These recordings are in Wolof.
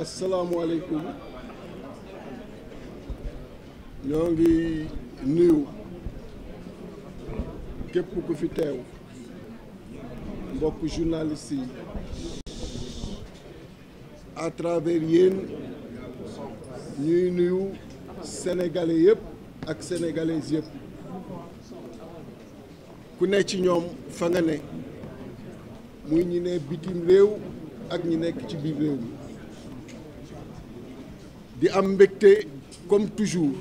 asalaamualeykum ñoo ngi nuyu képp ku fi teew mbokk journaliste yi à travers yéen ñuy nuyu sénégalais yëpp ak sénégalaises yëpp ku ne ci ñoom fa nga ne muy ñi ne bitim réew ak ñi nekk ci biir réew mi di am mbégte comme toujours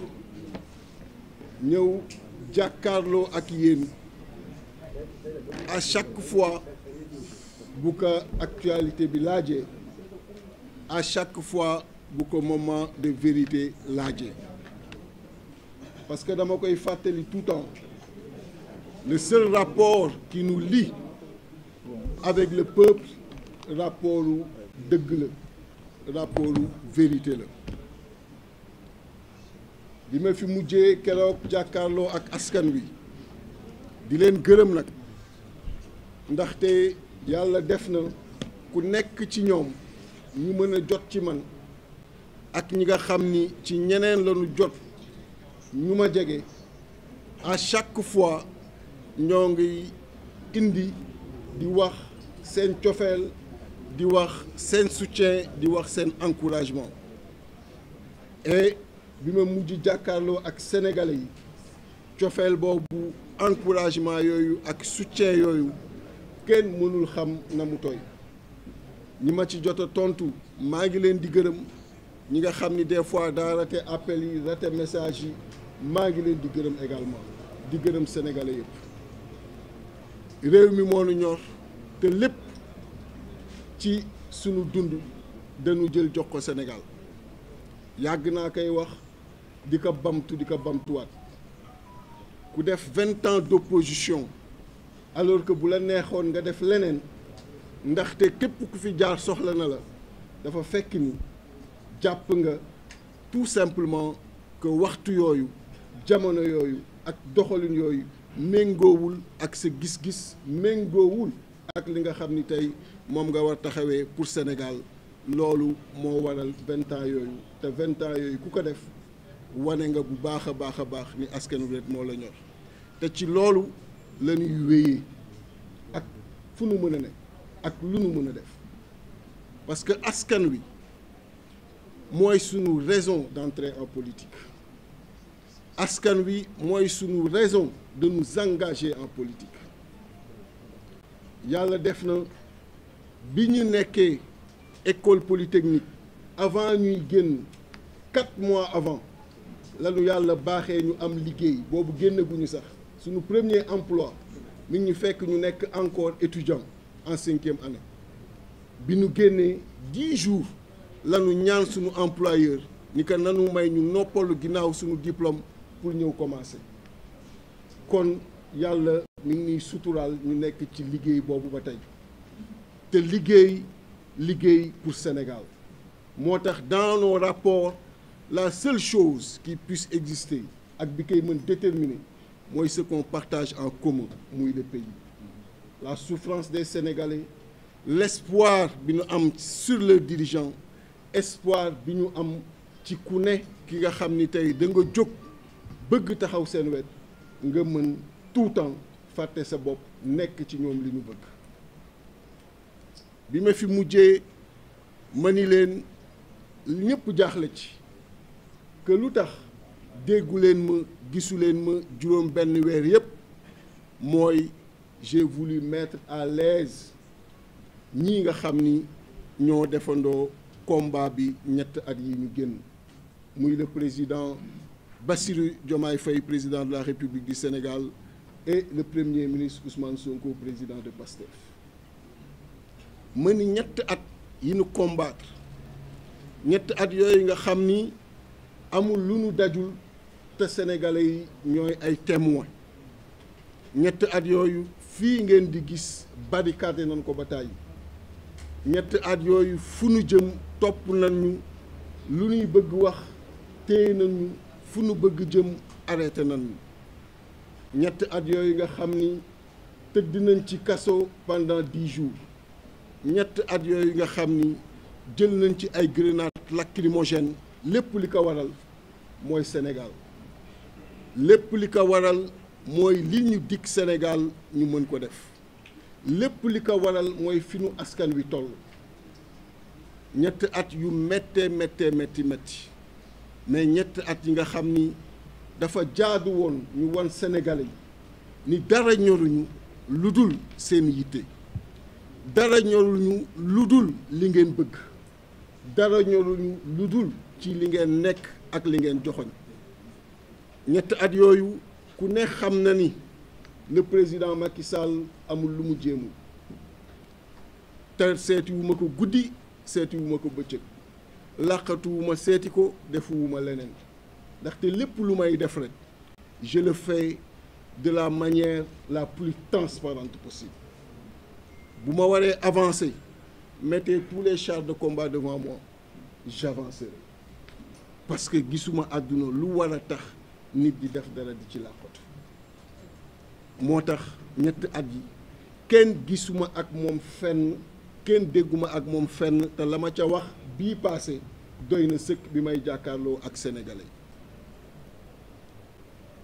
ñëw jàkkaarloo ak yéen à chaque fois bu ko actualité bi laajee à chaque fois bu ko moment de vérité laajee parce que dama koy fàttali tout le temps le seul rapport qui nous lie avec le peuple rapportu dëgg la rapportu vérité la bi ma fi mujjee keroog jàkkaarloo ak askan wi di leen gërëm nag ndaxte yàlla def na ku nekk ci ñoom ñu mën a jot ci man ak ñi nga xam ni ci ñeneen lañu jot ñu ma jege a chaque fois ñoo ngi indi di wax seen cofeel di wax seen soutien di wax seen encouragement et bi ma mujj jàkkaarloo ak sénégalais yi cofeel boobu encouragement yooyu ak soutien yooyu kenn mënul xam na mu tooy ñi ma ci jot tontu maa ngi leen di gërëm ñi nga xam ni des fois daa raté appel yi raté message yi maa ngi leen di gërëm également di gërëm sénégalais yëpp réew mi moo nu te lépp ci sunu dund dañu jël jox ko Sénégal yàgg naa koy wax di ko bamtu di ko bamtuwaat ku def vingt ans d'opposition alors que bu la neexoon nga def leneen ndaxte képp ku fi jaar soxla na la dafa fekk ni jàpp nga tout simplement que waxtu yooyu jamono yooyu ak doxalin yooyu méngoowul ak sa gis-gis méngoowul ak li nga xam ni tey moom nga war taxawee pour Sénégal loolu moo waral vingt ans yooyu te vingt yooyu ku ko def wane nga bu baax a baax a baax ni askan wi moo la ñor te ci loolu la ñuy wéyee ak fu nu mën a ne ak lu nu mën a def parce que askan wi mooy sunu raison d'entrer en politique askan wi mooy sunu raison de nous en politique yàlla def na bi ñu nekkee école polytechnique avant ñuy génn quatre mois avant lanu yàlla baaxee ñu am liggéey boobu génnaguñu sax suñu premier emploi mi ñu fekk ñu nekk encore étudiant en cinquième année bi ñu génnee dix jours lanu ñaan suñu employeur ni que nanu may ñu noppalu ginnaaw suñu diplôme pour ñëw commencer kon yàlla mi ngi ñuy suturaal ñu nekk ci liggéey boobu ba tey te liggéey liggéey pour Sénégal moo tax dans nos rapports la seule chose qui puisse exister ak bi koy mën déterminer mooy ce partage en commun muy le pays la souffrance des Sénégalais l'espoir bi nu am sur le dirigeant espoir bi ñu am ci ku ne ki nga xam ni tey da nga jóg bëgg taxaw seen wet nga mën tout temps fàtte sa bopp nekk ci ñoom li ñu bëgg bi ma fi mujjee ma ni leen ñëpp jaaxle ci que lu tax déggu leen ma gisu ma juróom benn weer yëpp mooy j'ai voulu mettre à l'aise ñii nga xam ni ñoo defandoo komba bi ñett at yi ñu génn muy le président Bassirou jomaay fay président de la République du Sénégal et le premier ministre Ousmane Sonko président de PASTEF mëni ñett at yi nu combattre ñett at yooyu nga xam ni amul lu nu dajul te sénégalais yi ñooy ay témoins ñett at yooyu fii ngeen di gis barricade nañ ko ba tàyyi ñett at yooyu fu nu jëm topp nañ ñu lu nuy bëgg wax téye nañ fu nu bëgg jëm arrêté nañ ñetti at yooyu nga xam ni tëdd nañ ci kaso pendant dix jours ñetti at yooyu nga xam ni jël nañ ci ay grenade lacrymogène lépp li ko waral mooy Sénégal lépp li ko waral mooy li ñu dikk Sénégal ñu mën ko def lépp li ko waral mooy fi nu askan wi toll ñett at yu méttee méttee métti métti mais ñetti at yi nga xam ni dafa jaadu woon ñu wan Sénégalais yi ni dara ñoruñu lu dul seen yitte dara ñoruñu lu dul li ngeen bëgg dara ñoruñu lu dul ci li ngeen nekk ak li ngeen joxoñ ñetti at yooyu ku ne xam na ni le président Macky Sall amul lu mu jéemul te seetiwuma ko guddi seetiwuma ko bëccëg làqatuwuma seeti ko defuwuma leneen ndaxte lépp lu may def rek je le fais de la manière la plus transparente possible bu ma waree avancé mettez tous les chars de combat devant moi j'avancerai parce que gisuma àdduna lu war a tax nit di def dara di ci làqatu moo tax ñett at yi kenn gisuma ak moom fenn kenn dégguma ak moom fenn te la ma ca wax bii passé doy na sëkk bi may jàkkaarloo ak sénégalais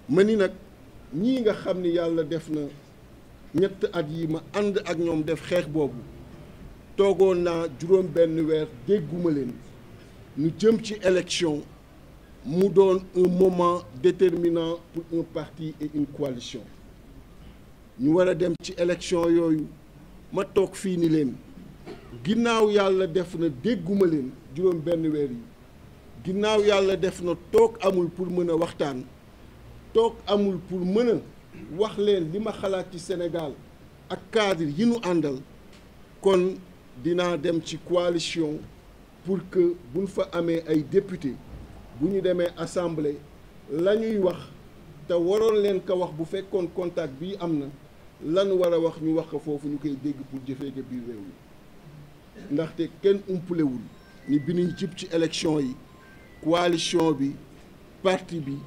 ma ni nag ñii nga xam ni yàlla def na ñett at yi ma ànd ak ñoom def xeex boobu toogoon naa juróom benn weer dégguma leen ñu jëm ci élection mu doon un moment déterminant pour un parti et une coalition ñu war a dem ci élection yooyu ma toog fii ni leen ginnaaw yàlla def na dégguma leen juróom benn weer yi ginnaaw yàlla def na toog amul pour mën a waxtaan toog amul pour mën a wax leen li ma xalaat ci Sénégal ak kaadir yi nu àndal kon dinaa dem ci coalition pour que buñ fa amee ay député bu ñu demee assemblée la ñuy wax te waroon leen ko wax bu fekkoon contact bii am na lan war a wax ñu wax ko foofu ñu koy dégg pour jëfee ko biir réew mi ndaxte kenn umpalewul ni bi ñuy jub ci élection yi coalition bi parti bi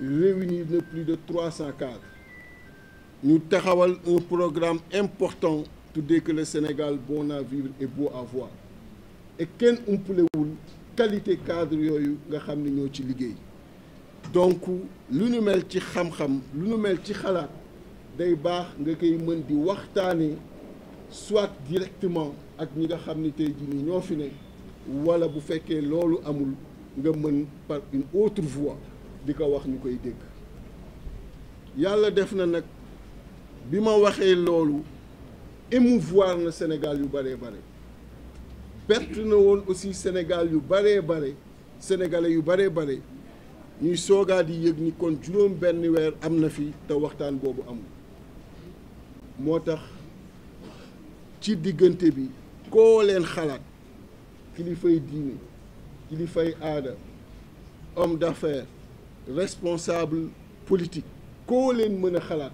réunir na plus de trois cent cadres ñu taxawal un programme important tuddee que le Sénégal bon à vivre et beau à voir et kenn qualité cadre yooyu nga xam ne ñoo ci liggéey donc lu ñu mel ci xam-xam lu ñu mel ci xalaat day baax nga koy mën di waxtaanee soit directement ak ñi nga xam ni tey jii ñoo fi ne wala bu fekkee loolu amul nga mën par une autre voie di ko wax ñu koy dégg yàlla def na nag bi ma waxee loolu émouvoir na Sénégal yu bëree bare bett na woon aussi Sénégal yu bëree bare sénégalais yu bëree bare ñuy soogaa di yëg ni kon juróom benn weer am na fi te waxtaan boobu amul moo tax ci diggante bi koo leen xalaat kilifay diine kilifay aada homme d'affaires responsable politique koo leen mën a xalaat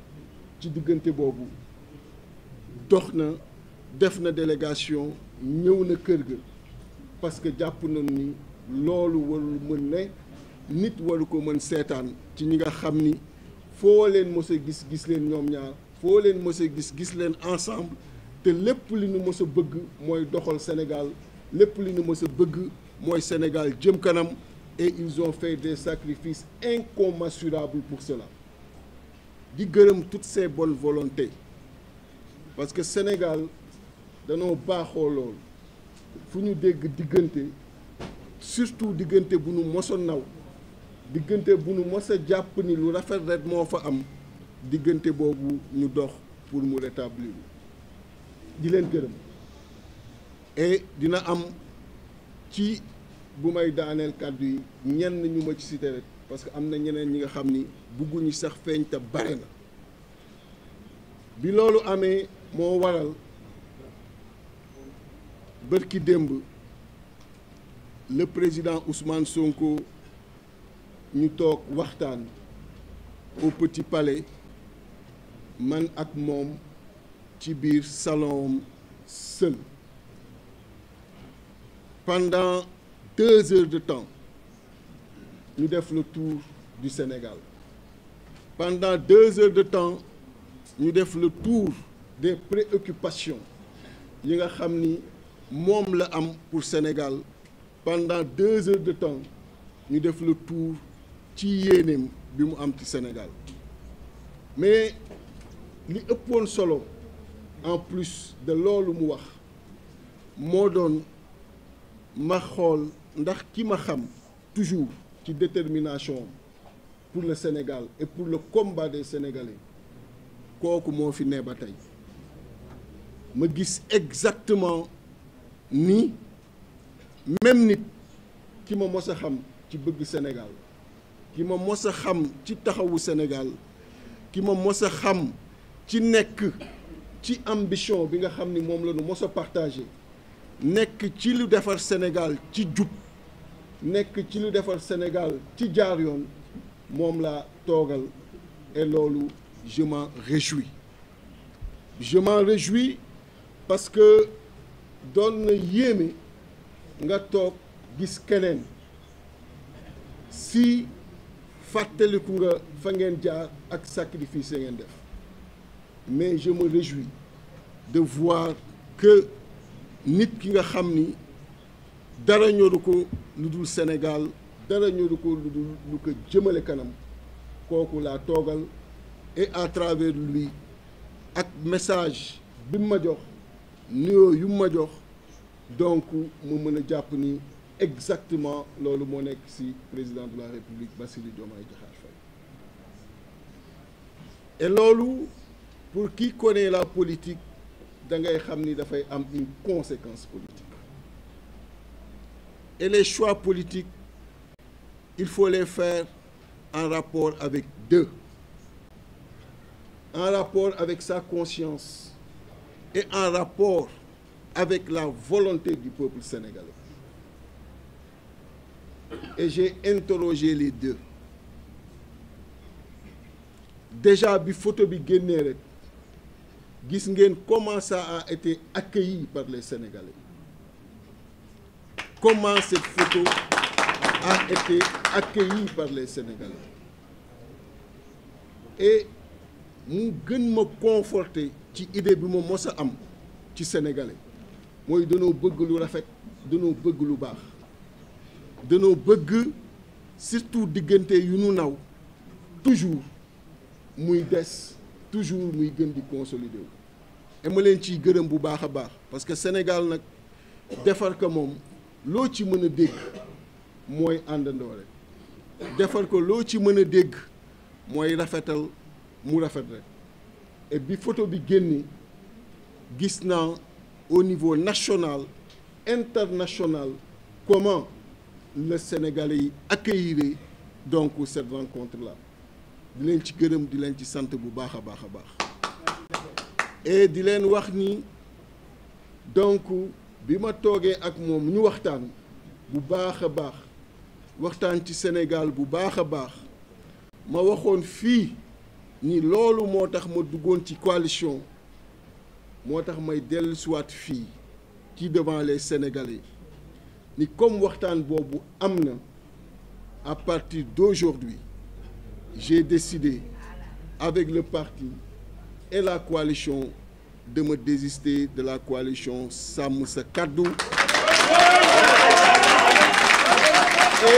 ci diggante boobu dox na def na délégation ñëw na kër gi parce que jàpp nañ ni loolu warul mën ne nit waru ko mën seetaan ci ñi nga xam ni foo leen mos gis gis leen ñoom ñaar foo leen mos gis gis leen ensemble te lépp li ñu mos a bëgg mooy doxal Sénégal lépp li ñu mos bëgg mooy Sénégal jëm kanam et ils ont fait des sacrifices incommensurables pour cela di gërëm toutes ces bonnes volontés parce que Sénégal danoo baaxoo lool fu ñu dégg diggante surtout diggante bu nu mos naw diggante bu nu mos jàpp ni lu rafet rek moo fa am diggante boobu ñu dox pour mu rétablir di leen gërëm et dina am ci. bu may daaneel kàddu yi ñenn ñu ma ci cité rek parce que am na ñeneen ñi nga xam ni bëgguñu sax feeñ te bare na bi loolu amee moo waral bër ki démb le président Ousmane Sonko ñu toog waxtaan au Petit Palais man ak moom ci biir salon seul deux heures de temps ñu def le tour du Sénégal pendant deux heures de temps ñu def le tour des préoccupations yi nga xam ni moom la am pour Sénégal pendant deux heures de temps ñu def le tour ci yéeneem bi mu am ci Sénégal mais li ëppoon solo en plus de loolu mu wax moo doon ma xool ndax ki ma xam toujours ci détermination pour le Sénégal et pour la combat des Sénégalais kooku moo fi ne ba tey ma gis exactement ni même nit ki ma mos a xam ci bëgg Sénégal ki ma mos a xam ci taxawu Sénégal ki ma mos a xam ci nekk ci ambition bi nga xam ni moom la ñu mos a partagé nekk ci lu defar Sénégal ci jub nekk ci lu defar Sénégal ci jaar yoon moom laa toogal et loolu je m'en réjouis je parce que doon na yéeme nga toog gis keneen si fàttaliku nga fa ngeen jaar ak sacrifice ngeen def mais je me de voir que nit ki nga xam ni dara ñoru ko lu dul Sénégal dara ñoru ko lu dul lu ko jëmale kanam kooku laa toogal et à travers lui ak message bi ma jox nuyoo yu mu ma jox donc mu mën a jàpp ni exactement loolu moo nekk ci président de la République Bassirou Diomaye Diakhar Faye et loolu pour qui connaît la politique da ngay xam ni dafay am une conséquence politique et les choix politiques il faut les faire en rapport avec deux en rapport avec sa conscience et en rapport avec la volonté du peuple sénégalais et j'ai interrogé les deux déjà bi photo bi génnee rek gis ngeen comment ça a été accueilli par les Sénégalais comment cette mu gën ma conforter ci idée bi ma mosa am ci Sénégalais mooy danoo bëgg lu rafet danoo bëgg lu baax danoo bëgg surtout diggante yu nu naw toujours muy des toujours muy gën di consolider wu. leen ciy gërëm bu baax a baax parce que Sénégal nag defar ko moom loo ci mën a dégg mooy àndandoore defar ko loo ci mën a dégg mooy rafetal mu rafet rek et bi photo bi génni gis naa au niveau national international comment le Sénégalais yi accueillir donc cette rencontre là di leen ci gërëm di leen ci sant bu baax a baax a baax di leen wax ni donc bi ma toogee ak moom ñu waxtaan bu baax a baax waxtaan ci senegal bu baax a baax ma waxoon fii ni loolu moo tax ma duggoon ci coalition moo tax may dellusiwaat fii ci devant les ni comme waxtaan boobu am na à partir d'aujourd'hui j'ai décidé avec le parti et la coalition de me désister de la coalition Sàmm Sa Kàddu et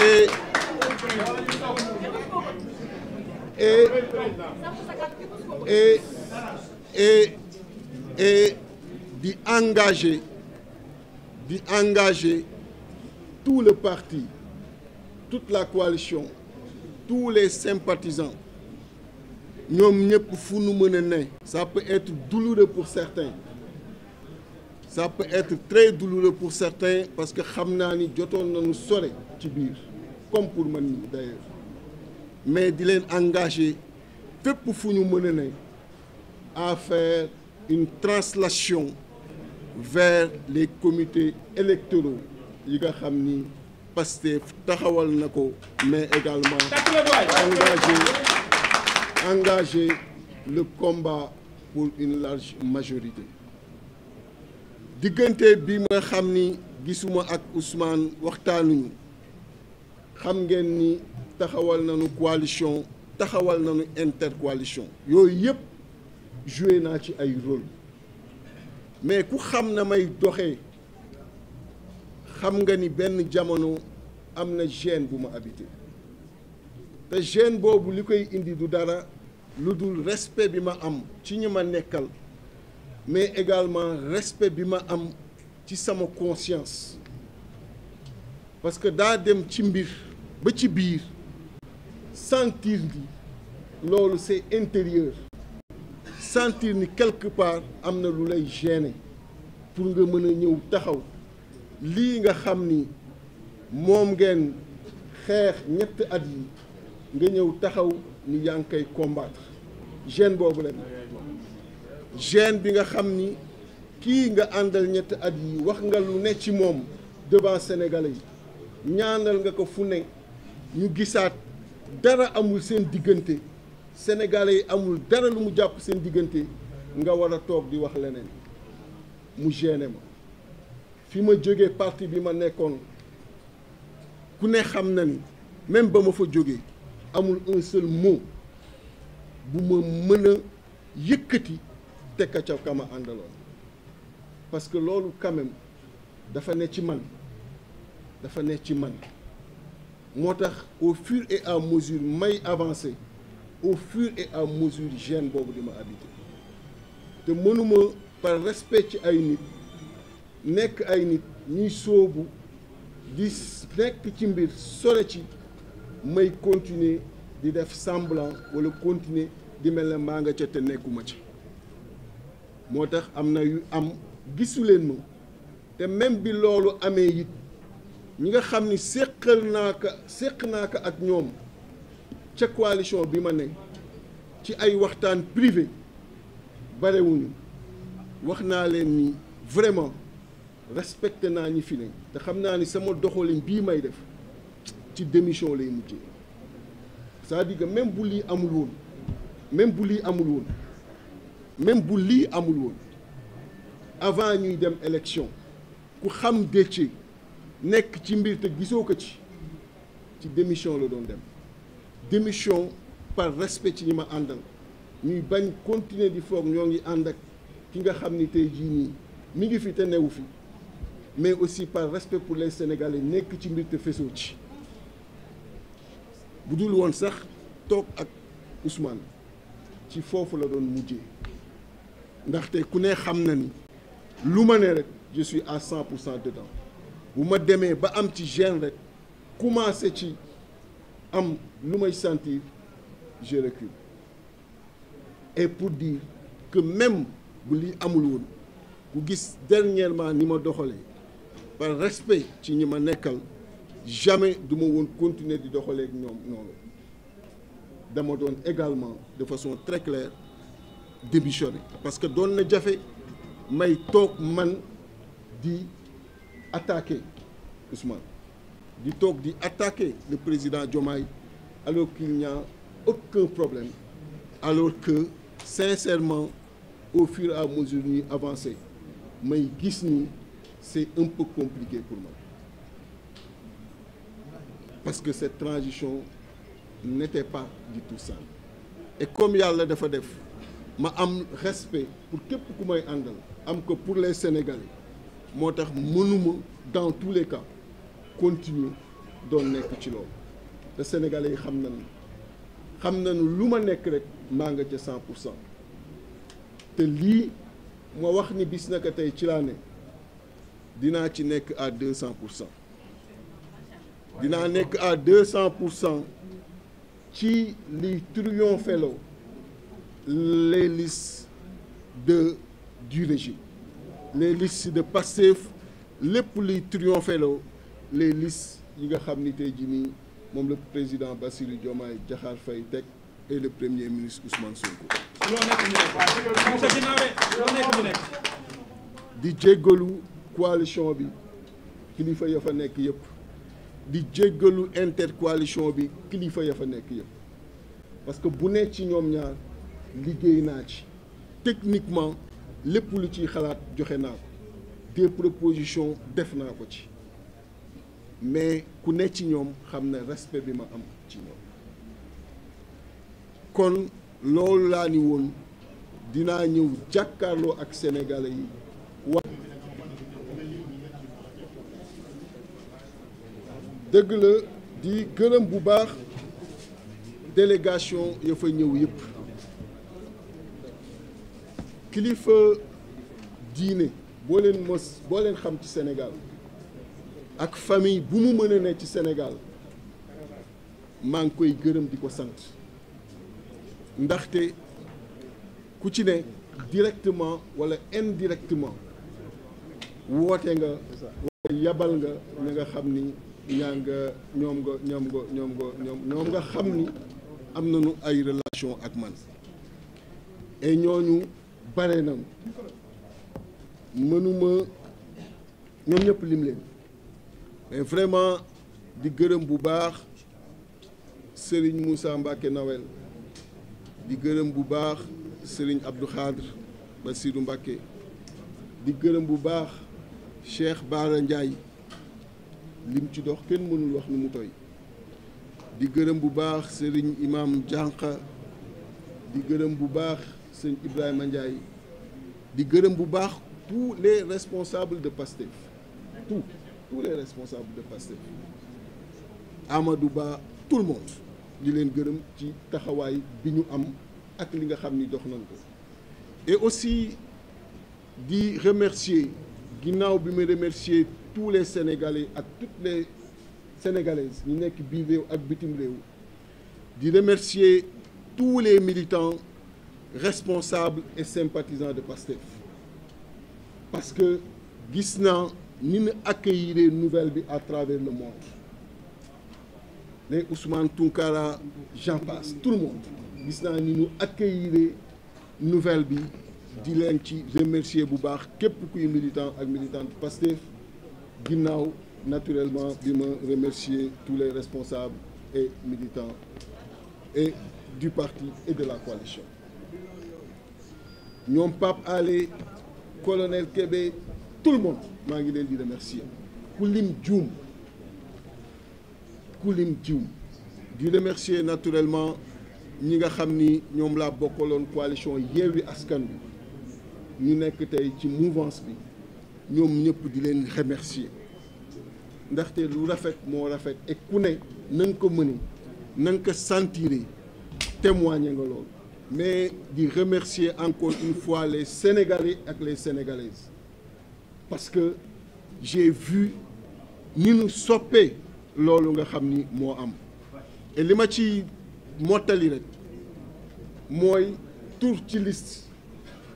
et et et d'y engager tout le parti, toute la coalition, tous les sympathisants, ñoom ñëpp fu nu mën a ne ça peut être douloureux pour certains ça peut être très douloureux pour certains parce que xam naa ni jotoon nañu sore ci biir comme pour man mii d'ailleurs mais di leen engagé fépp fu ñu mën a ne à faire une translation vers les comités électoraux yi nga xam ni Pastef taxawal na ko mais également engagé le combat pour une majorité diggante bi ma xam ni gisuma ak Ousmane waxtaanuñu xam ngeen ni taxawal nañu coalition taxawal nanu intercoalition yooyu yëpp joué naa ci ay rôle mais ku xam na may doxee xam nga ni benn jamono am na gêne bu ma habité te gêne boobu li koy indi du dara lu dul respect bi ma am ci ñu ma nekkal mais également respect bi ma am ci sama conscience parce que daa dem ci mbir ba ci biir sentir ni loolu c'est intérieur sentir ni quelque part am na lu lay gêner pour nga mën a ñëw taxaw lii nga xam ni moom ngeen xeex ñetti at yi nga ñëw taxaw ni yaa ngi koy boobu la gêne bi nga xam ni kii nga àndal ñetti at yi wax nga lu ne ci moom devant sénégalais yi ñaanal nga ko fu ne ñu gisaat dara amul seen diggante senegale yi amul dara lu mu jàpp seen diggante nga war a toog di wax leneen mu gêne ma fi ma jógee parti bi ma nekkoon ku ne xam na ni même ba ma fa jóge amul un seul mot bu ma mën a yëkkati teg ca kama àndaloon parce que loolu quand dafa ne ci man dafa ne ci man moo tax au fur et à mesure may avancer au fir et à mesure gêne boobu di ma habité te mënuma par respect ci ay nit nekk ay nit ñuy sóobu di nekk ci mbir sore ci may continuer di def semblant wala continuer di mel ne maa nga ca te nekkuma ci moo tax am na yu am gisu leen ma te même bi loolu amee it ñi nga xam ni séqal naa ko séq naa ko ak ñoom ca coalition bi ma ne ci ay waxtaan privé barewuñu wax naa leen ni vraiment respecté naa ñi fi ne te xam naa ni sama doxalin bii may def ci démission lay mujjee c'est-à-dire même bu lii amul woon même bu lii amul woon même bu lii amul woon avant ñuy dem élection ku xam Déthié nekk ci mbir te gisoo ko ci ci démission la doon dem démission par respect ci ñi ma àndal ñuy bañ continuer di foog ñoo ngi ànd ak ki nga xam ni tey jii nii mi ngi fi te newu fi mais aussi par respect pour les sénégalais nekk ci mbir te fesoo ci bu dul woon sax toog ak Ousmane ci foofu la doon mujjee ndaxte ku ne xam na ni lu ma ne rek je suis à cent pour cent dedans bu ma demee ba am ci genre rek commencé ci am lu may santi je recule et pour dire que même bu li amul woon ku gis dernièrement ni ma doxalee par respect ci ñi ma nekkal jamais du ma woon continuer di doxaleeg ñoom noonu dama doon également de façon très claire démissionner parce que doon na jafe may toog man di attaquer Ousmane di toog di attaque le président Diomaye alors qu'il n'y aucun problème alors que sincèrement au fur et à mesure ñuy avancer may gis ni c'est un peu compliqué pour moi. Parce que cette transition n'était pas du tout simple. Et comme yàlla dafa def ma am respect pour képp ku may àndal am ko pour les Sénégalais moo tax mënuma dans tous les cas continuer doon nekk ci loolu te Sénégalais yi xam nañu xam nañu lu ma nekk rek maa nga ca cent pour cent te lii ma wax ni bis naka tey ci laa ne dinaa ci nekk à deux cent pour cent dinaa nekk à deux cent pour cent ci li triompheloo les listes de du régime les listes de Pastef lépp liy triompheloo les listes yi nga xam ni tey jii nii moom la président Bassirou jomaay Diakhar fay teg et le premier ministre Ousmane Sonko. di jéggalu coalition bi kilifa ya fa nekk yëpp di jéggalu intercoalition bi kilifa ya fa nekk yëpp parce que bu nekk ci ñoom ñaar liggéey naa ci techniquement lépp lu ciy xalaat joxe naa ko des propositions def naa ko ci mais ku nekk ci ñoom xam ne respect bi ma am ci ñoom kon loolu laa ni woon dinaa ñëw jàkkaarloo ak sénégalais yi wax dëgg la di gërëm bu baax délégation ya fa ñëw yëpp kilifa diine boo leen mos boo leen xam ci Sénégal ak famille bu mu mën a ne ci senegal maa ngi koy gërëm di ko sant ndaxte ku ci ne directement walla indirectement woote nga walla yabal nga ña nga xam ni yaa nga ñoom nga ñoom xam ni am nañu ay relation ak man et ñooñu bare nañu mënuma ñoom ñëpp lim leen mais vraiment di gërëm bu baax sëriñ Moussa Mbacké Nawel di gërëm bu baax Serigne Abdou Khadr Bassirou Mbacké di gërëm bu baax Cheikh Bara Ndiaye lim ci dox kenn mënul wax nu mu toy di gërëm bu baax sëriñ imam Dianka di gërëm bu baax sëriñ Ibrahima Ndiaye di gërëm bu baax tout les responsables de Pastef tous tous les responsables de Pastef Amadou Ba tout le monde di leen gërëm ci taxawaay bi ñu am ak li nga xam ni dox nañ ko et aussi di remercier ginnaaw bi ma remercier tous les Sénégalais ak toutes les Sénégalaises ñu nekk biir réew ak bitim réew di remercier tous les militants responsables et sympathisants de PASTEF parce que gis naa ni ñu accueillir nouvelle bi à travers le monde les Ousmane Tounkara j'en passe tout le monde gis naa ni ñu accueillir nouvelle bi di leen ci remercier bu baax képp kuy militant ak militante PASTEF ginnaaw naturellement bi ma remercier tous les responsables et militants et du parti et de la coalition ñoom Pape Alé colonel Kébé tout le monde maa ngi leen di remercier ku lim juum ku di remercier naturellement ñi nga xam ni ñoom laa bokkaloon coalition Yewwi Askan Wi ñu nekk tey ci mouvance bi ñoom ñëpp di leen remercier ndaxte lu rafet moo rafet et ku ne na nga ko mëne na nga ko sentiré témoigner nga loolu mais di remercier encore une fois les Sénégalais ak les Sénégalaises parce que j'ai vu ni ñu soppee loolu nga xam ni moo am li ma ci mottali rek mooy tur ci liste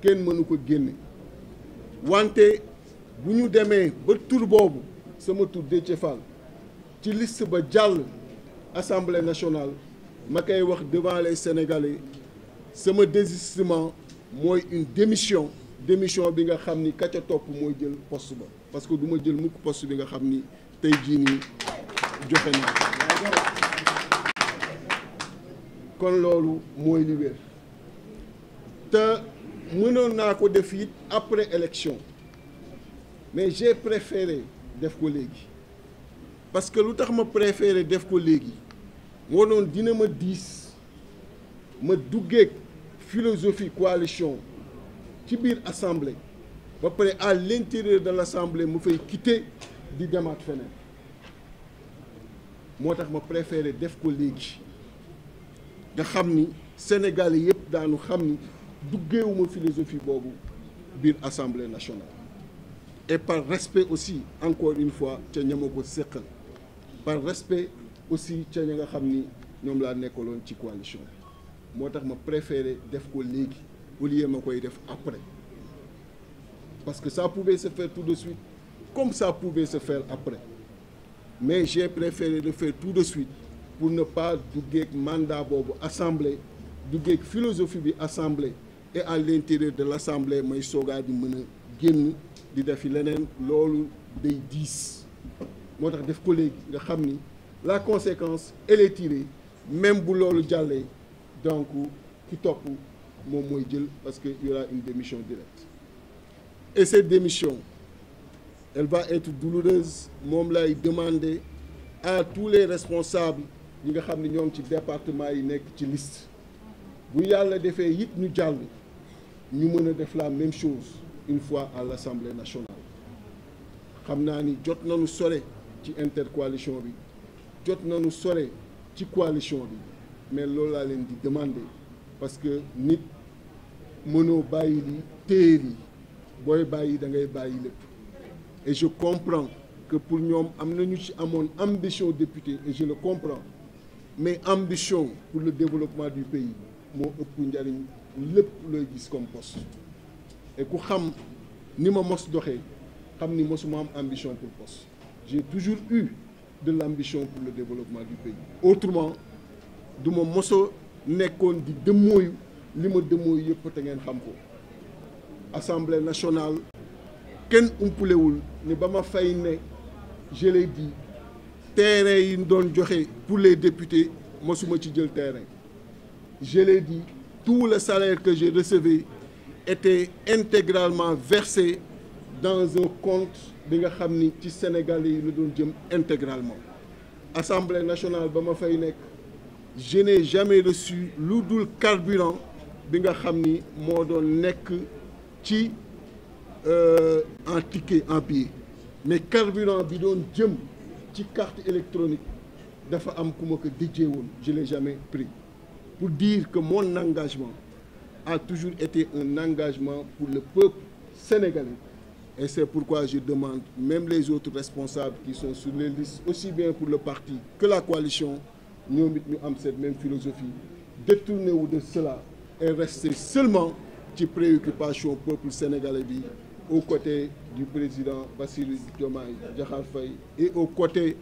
kenn mënu ko génne wante bu ñu demee ba tur boobu sama tur Déthié Fall ci liste ba jàll assemblée nationale ma koy wax devant les sama désistement mooy une démission démission bi nga xam ni ka topp mooy jël poste ba parce que du ma jël mukk poste bi nga xam ni tey jii nii joxe naa kon loolu mooy li wér mënoon naa ko def it après élection mais j'ai préféré def ko léegi parce que lu tax ma préféré def ko léegi moo doon dina ma diis ma duggeeg philosophie coalition ci biir assemblée ba pare à l'intérieur de l'assemblée mu fay quitter di demaat feneen moo tax ma préféré def ko léegi nga xam ni Sénégalais yëpp daanu xam ni duggeewuma philosophie boobu biir assemblée nationale et par respect aussi encore une fois ca ña ma ko séqal par respect aussi ca ña nga xam ni ñoom laa nekkaloon ci coalition bi moo tax ma préféré def ko léegi au lieu ma koy def après parce que ça pouvait se faire tout de suite comme ça pouvait se faire après mais j'ai préféré de faire tout de suite pour ne pas duggeeg mandat boobu assemblée duggeeg philosophie bi assemblée et à l'intérieur de l'assemblée may soogaa di mën a génn di def leneen loolu day diis moo tax def ko léegi nga xam ni la conséquence elle est tirée même bu loolu jàllee donc ki topp moom mooy jël parce que il y une démission directe et cette démission elle va être douloureuse moom lay demander à tous les responsables ñi nga xam ni ñoom ci département yi nekk ci liste bu yàlla defee it ñu jàll ñu mën a def la même chose une fois à l'Assemblée nationale xam naa ni jot nañu sore ci intercoalition bi jot nañu sore ci coalition bi mais loolu laa leen di demander parce que nit mënoo bàyyi li téye booy bàyyi da ngay bàyyi lépp et je comprends que pour ñoom am nañu ci amoon ambition député et je le comprends mais ambition pour le développement du pays moo ëpp njariñ lépp looy gis comme et ku xam ni ma mos doxee xam ni mosuma am ambition pour poste j'ai toujours eu de l'ambition pour le développement du pays autrement du ma mosoo nekkoon di dëmmooyu li ma dëmmooyu yëpp te ngeen xam ko assemblée nationale kenn umpulewul ni ba ma fay ne je l'ai dit terrain yi doon joxe pour les députés mosuma ci jël terrain je l'ai dit tout le salaire que j'ai recevé était intégralement versé dans un compte bi nga xam ni ci Sénégal yi lu doon jëm intégralement Assemblée nationale ba ma fay nekk je n'ai jamais reçu lu dul carburant bi nga xam ni moo doon nekk ci euh, en ticket en billet mais carburant bi doon jëm ci carte électronique dafa am ku ma ko dijjee woon je l'ai jamais pris pour dire que moon engagement a toujours été un engagement pour le peuple sénégalais. Et c'est pourquoi je demande, même les autres responsables qui sont sur les listes, aussi bien pour le parti que la coalition, nous avons cette même philosophie. Détournez-vous de cela et restez seulement ci préoccupation peuple sénégalais bi aux côtés du président Bassirou Diomaye Diakhar Faye et aux côtés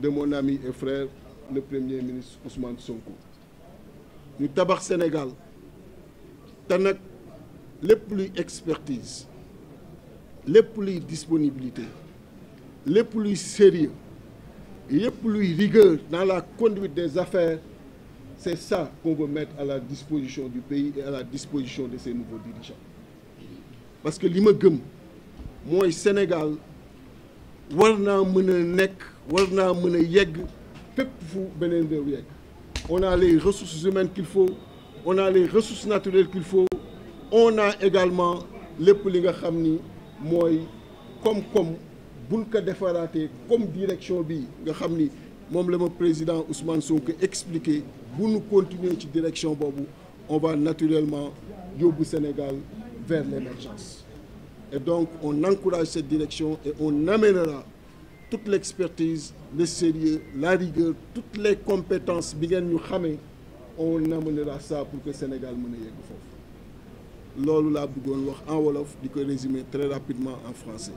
de mon ami et frère le premier ministre Ousmane Sonko ñu tabax Sénégal te nag lépp luy expertise lépp luy disponibilité lépp luy sérieux yëpp luy rigueur dans la conduite des affaires c'est ça qu'on veut mettre à la disposition du pays et à la disposition de ses nouveaux dirigeants parce que li ma gëm mooy Sénégal war naa mën a nekk war naa mën a yegg fépp fu beneen réew on a les ressources humaines qu'il faut on a les ressources naturelles qu'il faut on a également lépp li nga xam ni mooy comme koom buñ ko defaraatee comme direction bi nga xam ni moom la ma président Ousmane Sonko expliqué bu nu continuer ci direction boobu on va naturellement yóbbu Sénégal vers l'émergence et donc on encourage cette direction et on amènera toute l'expertise le sérieux la rigueur toutes les compétences bi ngeen ñu xamee on amènera ça sa que Sénégal mën a yegg foofu loolu laa bëggoon wax en wolof li ko résumer très rapidement en français